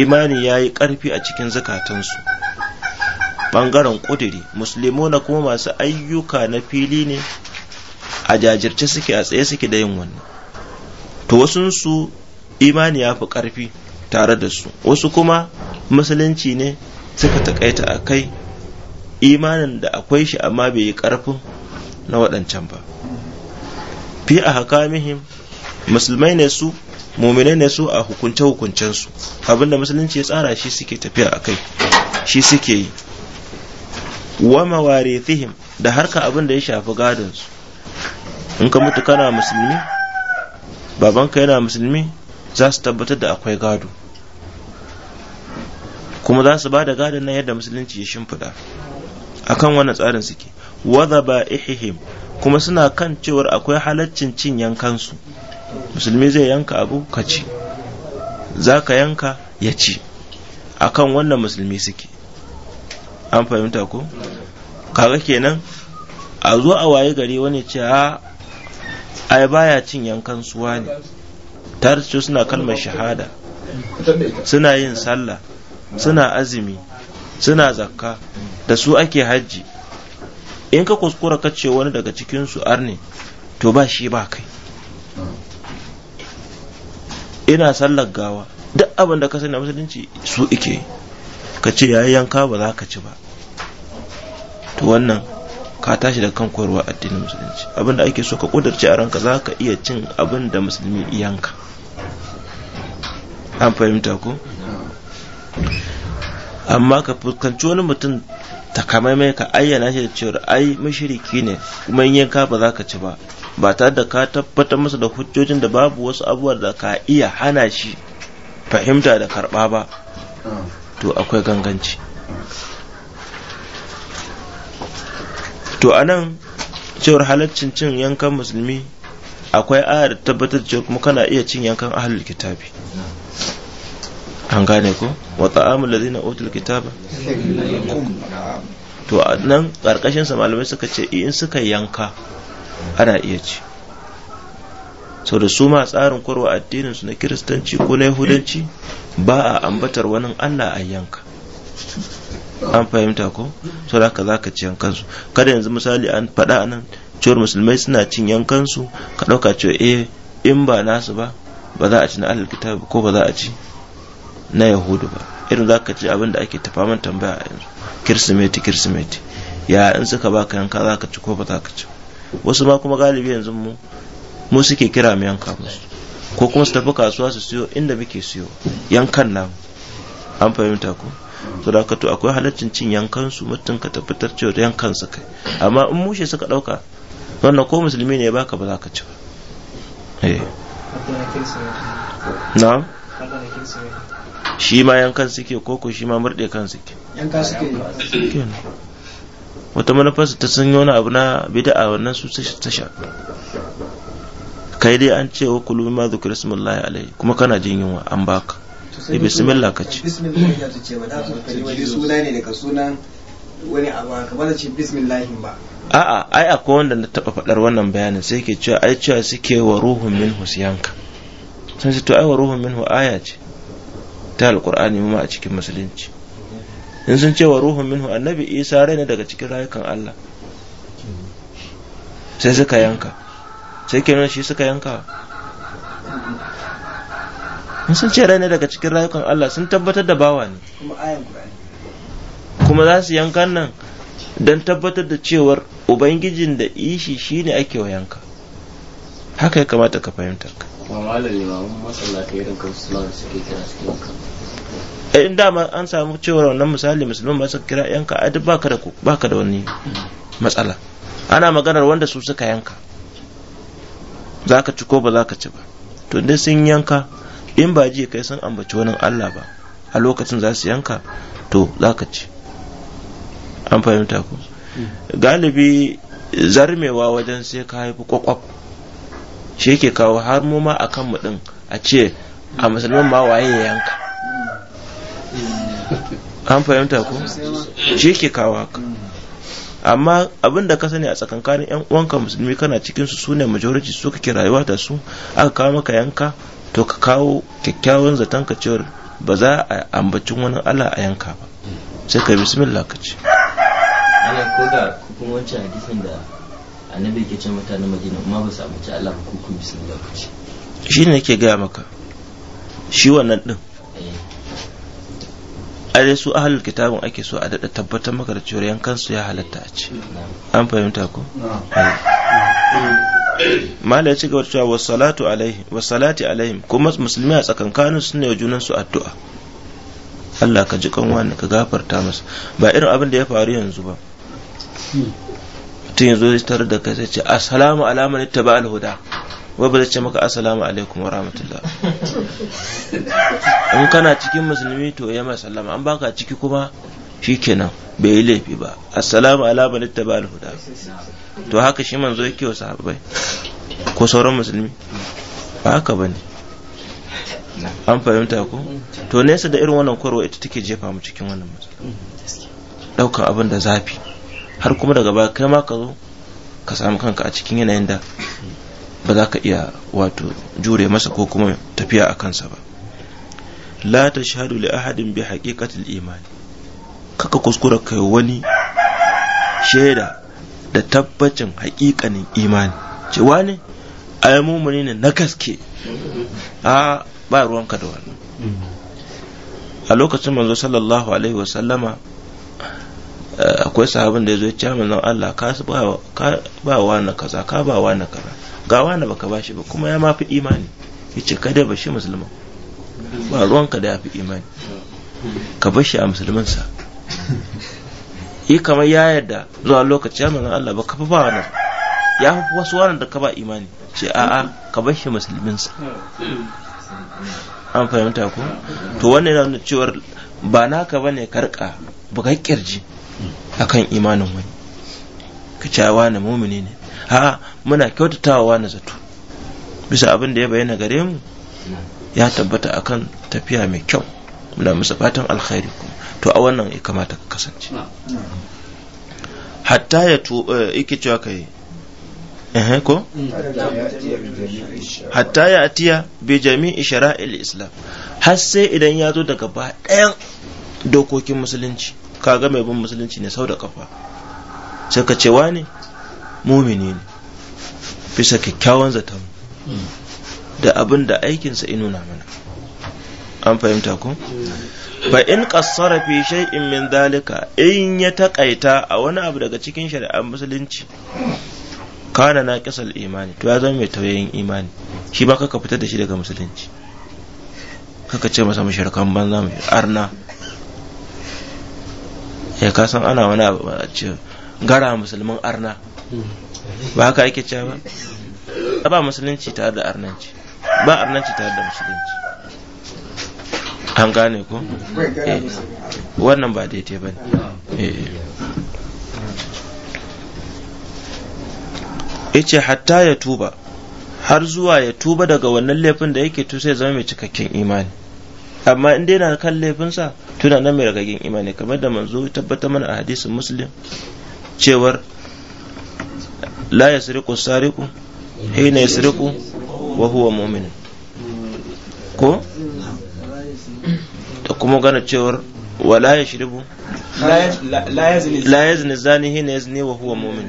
imani ya yi ƙarfi a cikin zukatansu ɓangaren ƙudiri musulmuna kuma masu ayyuka na fili ne a jajirce suke a tsaye suke da yin wannan to wasunsu imani ya fi ƙarfi tare da su wasu kuma musulunci ne suka takaita a kai imanin da akwai shi amma bai yi ƙarfin na waɗancan ba fi a haka mihim musulmai ne su muminai ne su a hukunce hukuncensu abinda musulunci ya tsara shi suke tafiya a kai shi suke yi wa mawarithihim da harka abin da ya shafi gadon su in ka mutu kana musulmi babanka yana musulmi za su tabbatar da akwai gado kuma za su ba da gadon nan yadda musulunci ya shimfiɗa kan wannan tsarin suke wadda ba ihihim kuma suna kan cewar akwai halaccin cin yankansu musulmi zai yanka abu ka ci za ka yanka ya ci A kan wannan musulmi suke an fahimta ko kaga kenan a zo a waye gari wani ce a ah, ai baya cin yankan suwa ne tare suna kalmar shahada suna yin sallah suna azumi suna zakka da su ake hajji in ka kuskura ka ce wani daga cikin su arne to ba shi ba kai ina sallar gawa duk abin da ka sani musulunci su ike ka ce yayi yanka ba za ka ci ba to wannan ka tashi da kan koyarwa addinin musulunci abinda ake so ka kudarci a ranka za ka iya cin abin da musulmi yanka an fahimta ko amma ka fuskanci wani mutum takamaimai ka ayyana shi da cewar ai mashiriki ne kuma in yanka ba za ka ci ba ba tare da ka tabbatar masa da hujjojin da babu wasu abubuwa da ka iya hana shi fahimta da karɓa ba to akwai ganganci to a nan cewar halaccin cin yankan musulmi akwai ayar tabbatar cewa kuma kana iya cin yankan ahlul kitabi an gane ko wa ta'amul ladina utul kitaba to a nan karkashin sa malamai suka ce in suka yanka ana iya ci sau da su ma tsarin korwa addinin su na kiristanci ko na yahudanci ba a ambatar wani allah a yanka an fahimta ko so da za ka ci yankansu kada yanzu misali an faɗa anan cewar musulmai suna cin yankansu ka ɗauka cewa eh in ba nasu ba ba za a ci na alal kitab ko ba za a ci na yahudu ba irin za ka ci abin da ake tafa man tambaya a yanzu kirsimeti kirsimeti ya in suka baka yanka za ka ci ko ba za ka ci wasu ma kuma galibi yanzu mu mu suke kira mu yanka musu ko kuma su tafi kasuwa su siyo inda muke siyo yankan namu an fahimta ko to da to akwai halaccin cin yankan su mutum ka tabbatar cewa yankan su kai amma in mushe suka dauka wannan ko musulmi ne ya baka ba za ka ci ba eh. na shi ma yankan ke koko shi ma murɗe kan suke yanka wata manufarsa ta sun yi wani abu na bida'a wannan su ta sha kai dai an ce wa kulumi ma zukuri sumullahi alai kuma kana jin yunwa an baka sai eh, bismillah ka ce da suna wani abu kamar ce bismillah ba a'a ai akwai wanda na taba faɗar wannan bayanin sai ke cewa ai cewa suke wa ruhun minhu siyanka sun ce to ai wa ruhun minhu aya ce ta alqur'ani mu a cikin musulunci in sun ce wa ruhun minhu annabi isa rai ne daga cikin rayukan Allah sai suka yanka sai ke nuna shi suka yanka in sun ce rai ne daga cikin rayukan Allah sun tabbatar da bawa ne kuma za su yanka nan don tabbatar da cewar ubangijin da ishi shi ne ake wa yanka haka ya kamata ka fahimta ka eh, in dama an samu cewar wannan misali musulman masu kira yanka a duk baka da wani matsala ana maganar wanda su suka yanka za ka ci ko ba za ka ci ba to sun yanka in ba ji kai sun ambaci wani Allah ba a lokacin za su yanka to za ka ci an fahimta ku galibi zarmewa wajen sai ka haifi kwakwaf shi ke kawo har mu ma a kanmu ɗin a ce a musulman ma waye ya yanka an fahimta ku shi ke kawo haka amma abin da ka sani a tsakankanin yan uwanka musulmi kana cikin su sune majority su kake rayuwa da su aka kawo maka yanka to ka kawo kyakkyawan zaton ka cewar ba za a ambacin wani Allah a yanka ba sai ka bismillah ka ce ana ko da kuma wancan hadisin da annabi ke ce mutanen madina amma ba su ambaci Allah ba ko bismillah ka ce shi ne ke gaya maka shi wannan din eh. a dai su ahalar kitabin ake so a daɗa tabbatar maka da cewar yankan su ya halatta a ce an fahimta ko eh. Eh. mala ya ci gaba cewa wassalatu alaihi wassalati alaihim kuma musulmi a tsakankanin su ne junan su addu'a Allah ka ji kan wani ka gafarta masa ba irin abin da ya faru yanzu ba mutum yanzu zai tare da kai sai ce assalamu alaikum ta ba alhuda wai ba zai ce maka assalamu alaikum wa rahmatullah in kana cikin musulmi to ya mai sallama an baka ciki kuma nan bai yi laifi ba assalamu ala man ittaba al to haka shi manzo yake wa sahabbai ko sauran musulmi ba haka ba ne. an fahimta ko to nesa da irin wannan kwarwa ita take jefa mu cikin wannan matsala daukan abin da zafi har kuma daga baya kai ma ka zo ka samu kanka a cikin yanayin da ba za ka iya wato jure masa ko kuma tafiya a kansa ba la tashhadu li ahadin bi haqiqatil imani kaka kuskura kai wani shaida da tabbacin haƙiƙanin imani cewa ne ai mumuni ne na gaske a ba ruwanka da wannan a lokacin manzo sallallahu alaihi wasallama eh, akwai sahabin da ya zo ya manzon Allah ka ba wa na kaza ka ba wa na kaza ga wa na baka bashi ba kuma ya mafi imani ya ce kada ba shi musulman ba ruwanka da ya fi imani ka bashi shi a musulmansa yi kamar ya yarda zuwa lokaci ya manzan Allah ba ka fi ba ya fi wasu wannan da ka ba imani ce a'a ka bar shi musulminsa an fahimta ko to wannan yana nuna cewar ba naka bane ka rika bugan kirji akan imanin wani ka ci wani mumini ne ha muna kyautatawa wani zato bisa abin da ya bayyana gare mu ya tabbata akan tafiya mai kyau muna musu fatan alkhairi kuma to a wannan ya kamata ka kasance hatta ya tuba eh, yake cewa kai eh ko hatta ya atiya bi jami'i shara'il islam har sai idan ya zo daga ba ɗayan dokokin musulunci kaga mai bin musulunci ne sau da kafa sai ka ce wani mumini ne bisa kyakkyawan zaton da abin da aikinsa inuna mana an fahimta ko fa in qassara fi shay'in min dalika in ya takaita a wani abu daga cikin shari'ar musulunci kana na kisal imani to ya zama mai tauyayin imani shi ba ka fitar da shi daga musulunci kaka ce masa mashirkan banza mu arna ya eh, kasan ana wani abu a ce gara musulmin arna ba haka ake cewa ba ba musulunci tare da arnanci ba arnanci tare da musulunci an gane ko eh, wannan ba daidai ba ne eh. yace hatta ya tuba har zuwa ya tuba daga wannan laifin da yake to sai zama mai cikakken imani amma in dai na kan laifinsa tuna nan mai ragagin imani kamar da manzo tabbata mana a hadisin muslim cewar la yasriqu sariku hina yasriqu wa huwa mu'min ko kuma gana cewar wala ya shirbu la zini zani hina zini wa huwa mu'min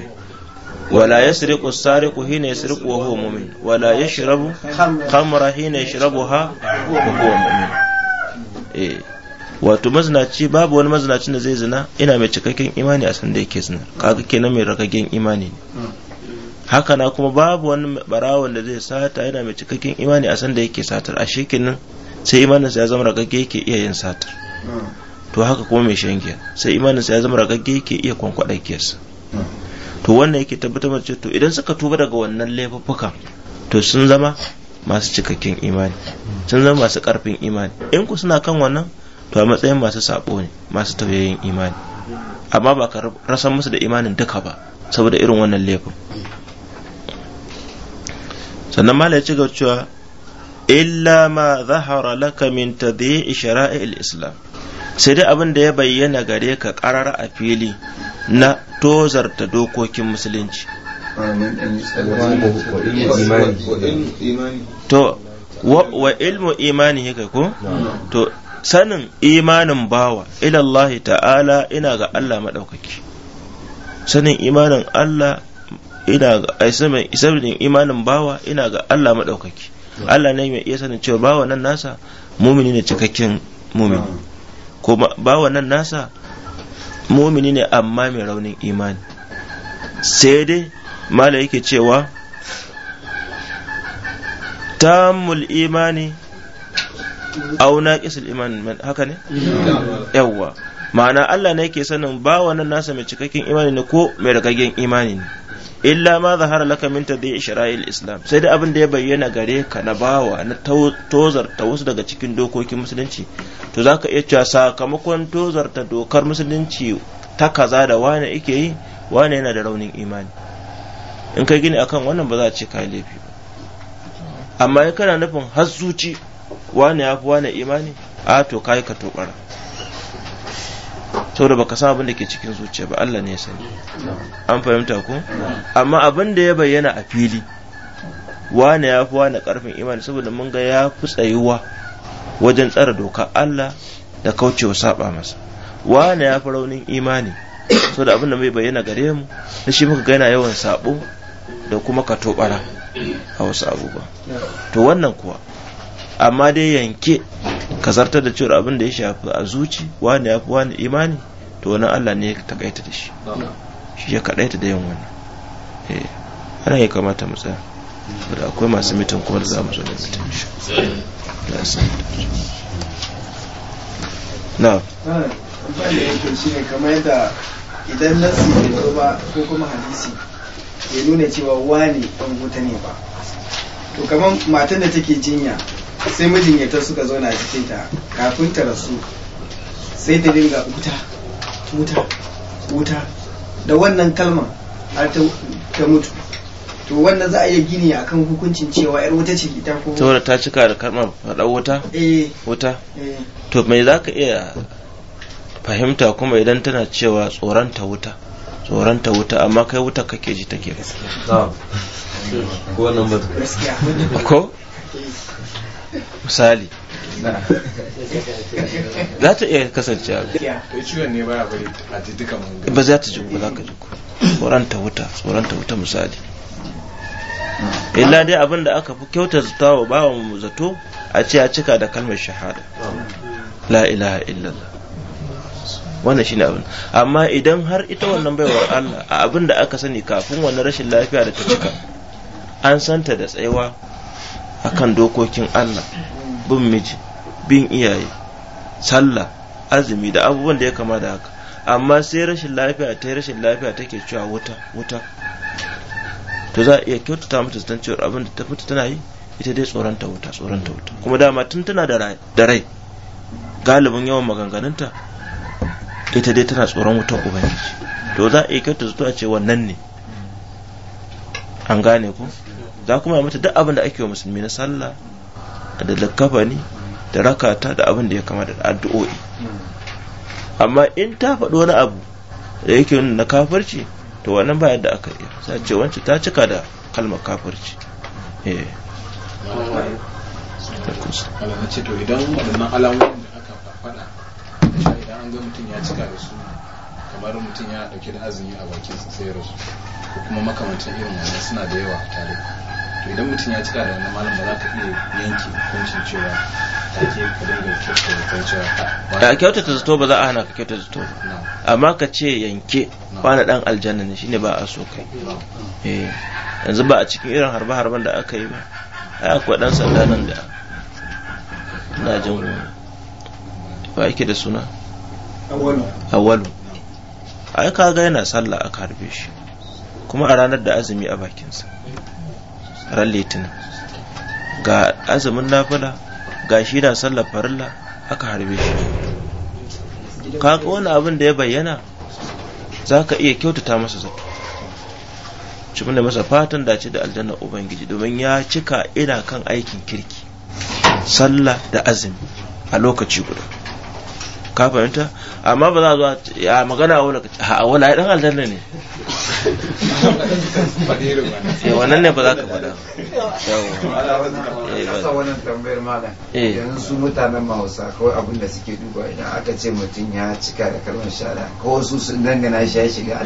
wala ya as sariku hina yasriqu wa huwa mu'min wala yashrabu kamara hina ha wa huwa mu'min eh, wato mazinaci babu wani mazinacin da zai zina ina mai cikakken imani a sanda yake zina kaga kenan mai rakagen imani ne haka na kuma babu wani barawon da zai sata yana mai cikakken imani a sanda yake satar a shekinin sai imaninsa ya zama ragagge yake iya yin satar to haka kuma mai shan giya sai imaninsa ya zama ragagge yake iya kwankwada giyarsa to wannan yake tabbatar mace to idan suka tuba daga wannan laifuffuka to sun zama masu cikakken imani sun zama masu karfin imani in ku suna kan wannan to a matsayin masu sabo ne masu tauyayin imani amma ba ka rasa musu da imanin duka ba saboda irin wannan laifin sannan mala ya ci cewa illa ma zahara laka min tadhi'i shara'il islam sai dai abin da ya bayyana gare ka karar a fili na tozarta dokokin musulunci to wa ilmu imani haka ko to sanin imanin bawa ilallahi ta'ala ina ga Allah maɗaukaki sanin imanin Allah ina ga imanin bawa ina ga Allah maɗaukaki Allah ne mai iya sanin cewa bawa nan nasa mumini ne cikakken mumini ko bawa nan nasa mumini ne amma mai raunin imani sai dai mala yake cewa tamul imani au kisul imani haka ne yawwa ma'ana Allah ne yake sanin bawa nan nasa mai cikakken imani ne ko mai ragagen imani ne illa ma zahara laka min tadi isra'il islam sai da abin da ya bayyana gare ka na bawa na tozarta wasu daga cikin dokokin musulunci to zaka iya cewa sakamakon tozarta dokar musulunci ta kaza da wane yake yi wane yana da raunin imani in kai gini akan wannan ba za a ce ka laifi ba amma kana nufin har zuci wane ya fi wane imani a to kai ka tobara saboda baka san abin da ke cikin zuciya ba Allah ne ya sani an fahimta ku? amma abin da ya bayyana a fili wane ya fi wane karfin imani saboda mun ga ya fi tsayuwa wajen tsara doka Allah da kaucewa saba masa wane ya fi raunin imani saboda abin da mai bayyana gare mu na shi muka gaina yawan sabo da kuma katobara a wasu abubuwa to wannan kuwa amma dai yanke ka zartar da cewar abin da ya shafi a zuci wani ya fi wani imani to wani Allah ne ya takaita da shi shi ya kaɗaita da yin wannan eh, ana ya kamata mu tsaya akwai masu mitin kuma da za mu zo da mitin shi na idan nasi bai zo ba ko kuma hadisi ya nuna cewa wani ɗan ne ba to kamar matan da take jinya sai ta suka zauna cikin ta kafin ta rasu sai ta dinga wuta wuta wuta da wannan kalmar har ta mutu to wannan za a iya gini a kan hukuncin cewa yar wuta ce ita ko saboda ta cika da kalmar faɗa wuta eh. wuta eh. to mai za ka iya fahimta kuma idan tana cewa tsoronta ta wuta tsoronta ta wuta amma kai wuta kake ji take gaskiya ko misali za ta iya kasance eh, a ciwon ba za ta ji ba za ka ji ku tsoron ta wuta tsoron wuta misali illa dai abin da aka fi kyauta zata wa bawa mu zato a ce a cika da kalmar shahada la ilaha illallah wannan shine abin amma idan har ita wannan baiwar Allah a abin da aka sani kafin wannan rashin lafiya da ta cika an santa da tsayawa akan dokokin Allah bin miji bin iyaye sallah azumi da abubuwan da ya kama da haka amma sai rashin lafiya ta rashin lafiya take cewa wuta wuta to za a iya kyautata mata zan cewar abin da ta fita tana yi ita dai tsoron ta wuta tsoron ta wuta kuma dama tun tana da rai galibin yawan maganganunta ita dai tana tsoron wutan ubangiji to za a iya kyautata zato a ce wannan ne an gane ku za kuma mata duk abin da ake wa musulmi na sallah da lakafani da rakata da abin da ya kama da addu'o'i amma in ta faɗi wani abu da yake nuna na kafirci to wannan ba yadda aka yi sai ce wancan ta cika da kalmar kafirci eh ce to idan waɗannan alamomin da aka faɗa idan an ga mutum ya cika da su kamar mutum ya ɗauke da azumi a bakinsa sai ya rasu ko kuma makamancin irin wannan suna da yawa tare idan mutum ya cika da wannan malam ba za ka iya yanke hukuncin cewa take ka dinga kyautata kyautata zato ba za a hana ka kyauta zato ba amma ka ce yanke kwana dan aljanna ne shine ba a so kai eh, yanzu ba a cikin irin harba harban da aka yi ba ai akwai dan sanda nan da na jin ba yake da suna awalu ai kaga yana sallah aka harbe shi kuma a ranar da azumi a bakinsa ran litinin ga azumin nafila ga shi na sallar farilla aka harbe shi kaga wani abin da ya bayyana za ka iya kyautata masa zato cikin da masa fatan dace da aljanna ubangiji domin ya cika ina kan aikin kirki sallah da azumi a lokaci guda ka fahimta amma ba za a zo a magana a lokaci? a wani dan aljanna ne eh wannan ne ba za ka faɗa yawa eh, eh. yanzu su mutanen mahausa kawai abin da suke duba idan aka ce mutum ya cika da kalmar shara ko su sun dangana shi ya shiga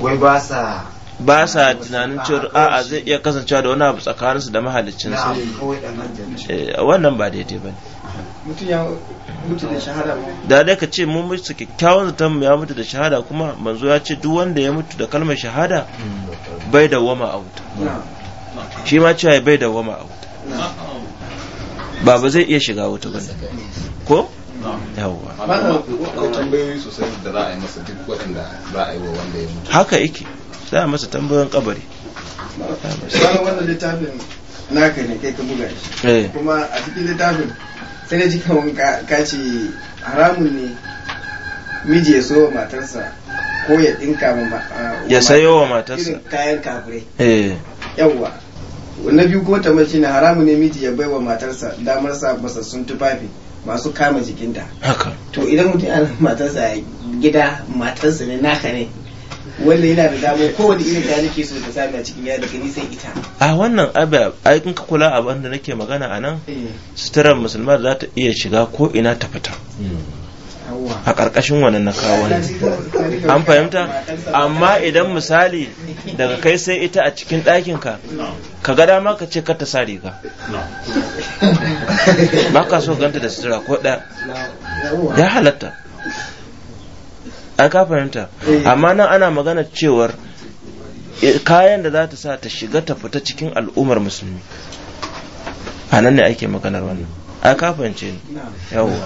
wai ba sa ba sa tunanin cewar a'a zai iya kasancewa da wani abu tsakaninsu da mahaliccinsu eh, wannan ba daidai ba ne da da dai ka ce mun mutu kyakkyawan zaton ya mutu da shahada kuma manzo ya ce duk wanda ya mutu da kalmar shahada bai da wama a wuta shi ma cewa bai da wama a wuta ba ba zai iya shiga wuta ba ko yawwa tambayoyi sosai da za a yi masa duk waɗanda za a yi wa wanda ya mutu haka yake za a masa tambayoyin kabari wannan littafin naka ne kai ka buga shi eh. kuma a cikin littafin sai da jika wani kaci haramun ne miji ya wa matarsa ko ya dinka ma ah, ya sayo wa matarsa kayan kafirai eh. yawwa na biyu kuma mace shine haramun ne miji ya baiwa matarsa damar sa basassun tufafi masu kama jikinta haka to idan mutum yana matarsa gida matarsa ne naka ne wannan yana da kowane irin nake so ta sami a cikin ya daga ita a wannan abin ai kun ka kula abin da nake magana a nan eh. suturar musulma za ta iya shiga ko ina ta fita a ƙarƙashin wannan na kawo ne an fahimta amma idan misali daga kai sai ita a cikin ɗakin ka ka ga dama ka ce kar ta sa riga ba ka so ganta da sutura ko ɗaya ya halatta an ka fahimta eh. amma nan ana magana cewar eh, kayan da za ta sa ta shiga ta fita cikin al'ummar musulmi a nan ne ake maganar wannan an ka fahimce ni yawwa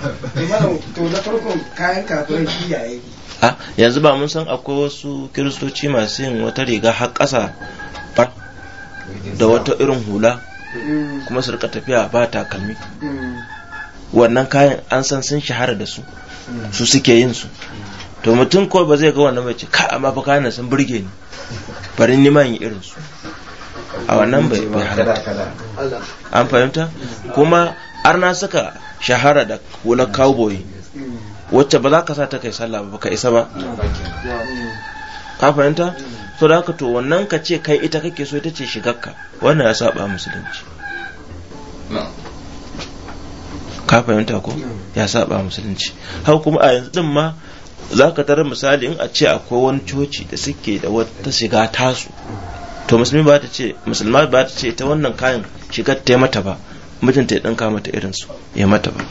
a yanzu ba mun san akwai wasu kiristoci masu yin wata riga har ƙasa da wata irin hula mm. kuma su tafiya ba takalmi mm. wannan kayan an san sun shahara da su mm. su suke yin su to mutum ko ba zai ga wannan mace ka amma fa kana sun burge ni bari ni ma in irin su a wannan bai bai an fahimta kuma na suka shahara da wala cowboy wacce ba za ka sa ta kai sallah ba ka isa ba ka fahimta to da ka to wannan ka ce kai ita kake so ita ce shigarka wannan ya saba musulunci ka fahimta ko ya saba musulunci hau kuma a yanzu din ma za ka tarar misali in a ce akwai wani coci da suke da wata shiga tasu to musulmi ba ta ce musulma ba ta ce ta wannan kayan shigar ta mata ba mijinta ya ɗinka mata irinsu ya mata ba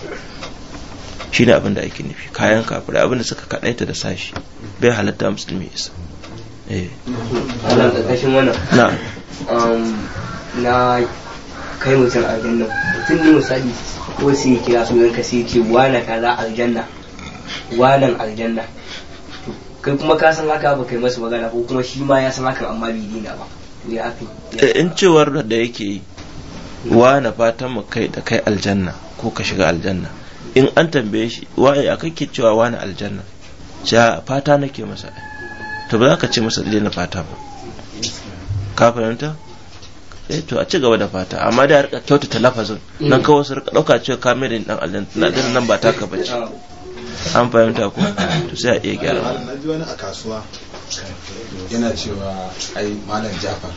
shi ne abin da ake nufi kayan kafirai abin da suka kaɗaita da sashi bai halatta musulmi isa eh. um, na kai mutum aljanna mutum ne misali ko sai kira sunan ka sai ce na kaza aljanna wanan aljanna kai kuma ka san haka ba kai masa magana ko kuma shi ma ya san haka amma bai dina ba to ya eh, in cewar da yake yi wane fatan mu kai da kai aljanna ko ka shiga aljanna in an tambaye shi waye a ke cewa wani aljanna ja fata nake masa to ba za ka ce masa na fata ba ka fahimta eh to a ci gaba da fata amma da rika kyautata lafazin nan kawai su rika dauka cewa ka mai da dan aljanna na nan ba ta ka bace ah. an fahimta ko to sai a iya gyara na ji wani a kasuwa yana cewa ai malam jafar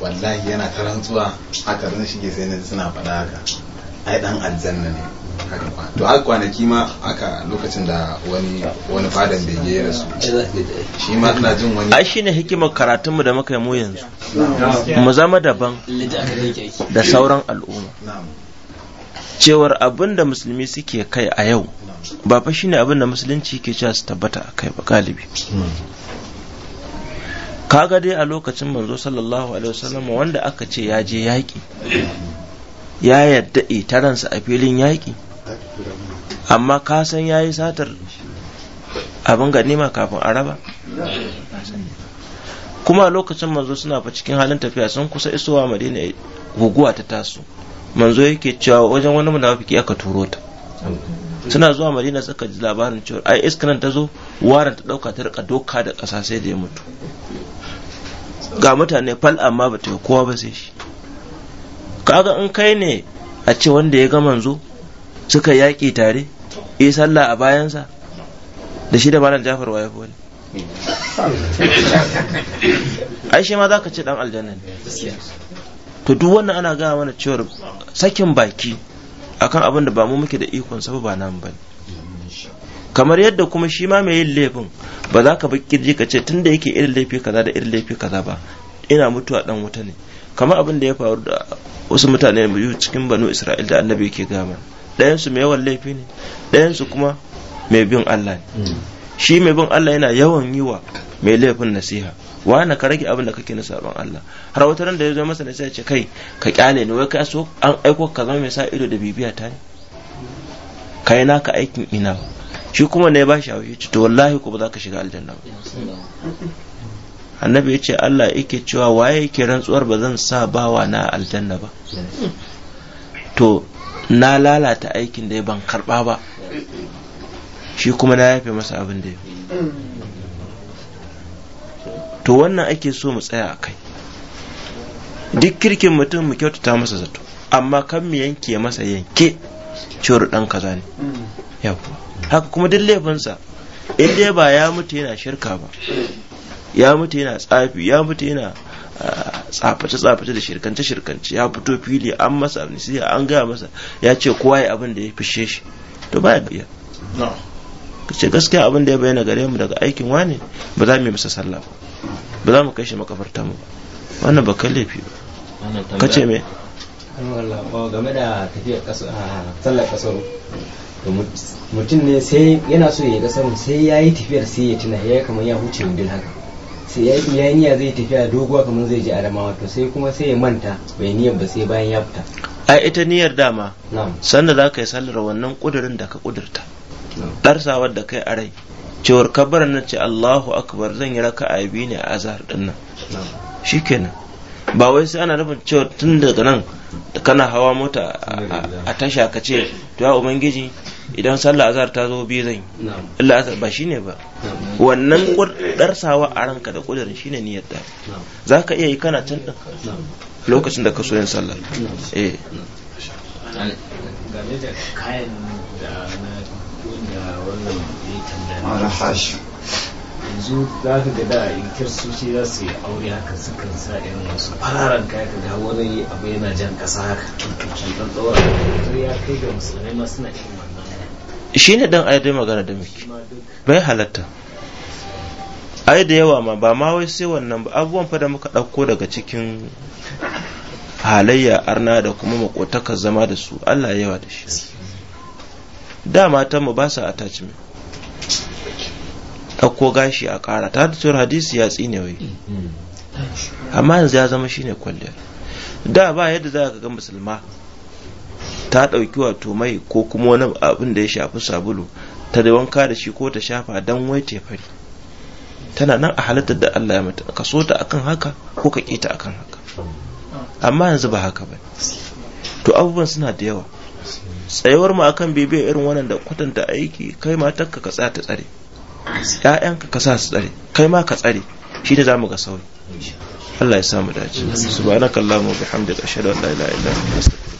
wallahi yana ta rantsuwa haka zan shige sai na suna faɗa haka ai dan aljanna ne to har kwanaki ma aka lokacin da wani wani fadan bege ya rasu shi ma ina jin wani ai shine hikimar karatun mu da muka yi mu yanzu mu zama daban da sauran al'umma cewar abin da musulmi suke kai a yau ba fa shine abin da musulunci ke cewa su tabbata a kai ba galibi kaga dai a lokacin manzo sallallahu alaihi wasallam wanda aka ce ya je yaƙi ya yadda itaransa a filin yaƙi amma ka san yayi satar abin ganima kafin a raba kuma lokacin manzo suna fa cikin halin tafiya sun kusa isowa madina guguwa ta taso manzo yake cewa wajen wani munafiki aka turo ta suna zuwa madina suka ji labarin cewa ai nan ta zo waran ta dauka ta rika doka da kasa sai da ya mutu ga mutane fal amma ba ta kowa ba sai shi kaga in kai ne a ce wanda ya ga manzo suka yaki tare yi sallah a bayansa da shi da malam jafar wa yafi wani ai shi ma za ka ce dan aljanna ne to duk wannan ana gaya mana cewar sakin baki akan abin da ba mu muke da ikon sa ba nan ba kamar yadda kuma shi ma mai yin laifin ba za ka baki ka ce tunda yake irin laifi kaza da irin laifi kaza ba ina mutuwa dan wuta ne kamar abin da ya faru da wasu mutane biyu cikin banu isra'il da annabi yake gama ɗayan su mai yawan laifi ne ɗayan su kuma mai bin allah ne mm. shi mai bin allah yana yawan yiwa mai laifin nasiha wani ka rage abin da kake na sabon Allah har wata ran da ya zo masa ne ce kai ka kyale ni wai ka so an aiko ka zama mai sa ido da bibiya ta ne kai naka aikin ina shi kuma ne ba shi hawaye to wallahi ko ba za ka shiga aljanna ba annabi ya ce Allah yake cewa waye yake rantsuwar ba zan sa bawa na aljanna ba to na lalata aikin da ya ban karba ba shi kuma na yafe masa abin da ya to wannan ake so mu tsaya a kai duk kirkin mutum mu kyautata masa zato amma kan mu yanke masa yanke cewar dan kaza ne haka kuma duk laifinsa in dai ba ya mutu yana shirka ba ya mutu yana tsafi ya mutu yana tsaface tsaface da shirkance shirkance ya fito fili an masa amnisiya an gaya masa ya ce kowa ya abin da ya fishe shi to ba ya biya ce gaskiya abin da ya bayyana gare mu daga aikin wane ba za mu yi masa sallah ba ba za mu kai shi makafarta mu wannan ba kalle fi ba ka ce me game da tafiyar sallar kasar mutum ne sai yana so ya kasar sai ya yi tafiyar sai ya tuna ya kamar ya huce wundin haka sai ya yi niyya zai tafiya doguwa kamar zai je adamawa to sai kuma sai ya manta bai niyan ba sai bayan ya fita a ita niyyar dama sanda za ka yi sallar wannan kudurin da ka kudurta ɗarsawar da kai a rai cewar kabar na ce Allahu akbar zan yi raka a biyu ne a azar din nan shikenan ba wai sai ana nufin cewar tun daga nan kana hawa mota a tasha ka ce to ya ubangiji idan sallah azar ta zo biyu zan yi Allah azhar ba ne ba wannan darsawa a ranka da shi ne niyyar da ka iya yi kana can din lokacin da ka so yin sallah eh. wala hasha yanzu za ka ga da su shi za su yi aure haka kan sa irin wasu fararen kaya ka ga wani abu yana jan kasa haka tutuki dan tsawon to ya kai ga musulmai ma suna irin wannan shi ne dan ayyadai magana da miki bai halatta ai da yawa ma ba ma wai sai wannan ba abubuwan fa da muka ɗauko daga cikin halayya arna da kuma makotakar zama da su Allah yawa da shi da mu ba sa attachment ɗauko gashi a ƙara ta da cewar hadisi ya tsine wai amma yanzu ya zama shine kwalliyar da ba yadda za ka ga musulma ta ɗauki wato mai ko kuma wani abin da ya shafi sabulu ta da wanka da shi ko ta shafa don wai tefari tana nan a halittar da Allah ya mata ka so ta akan haka ko ka ƙi ta akan haka amma yanzu ba haka ba to abubuwan suna da yawa tsayuwar mu akan bibiyar irin wannan da kwatanta aiki kai matarka ka tsaya ta tsare ya'yanka ka sa su tsare kai ma ka tsare shi da mu ga sauri Allah ya samu dace subhanakallahumma wa bihamdika ashhadu an la ilaha illa anta astaghfiruka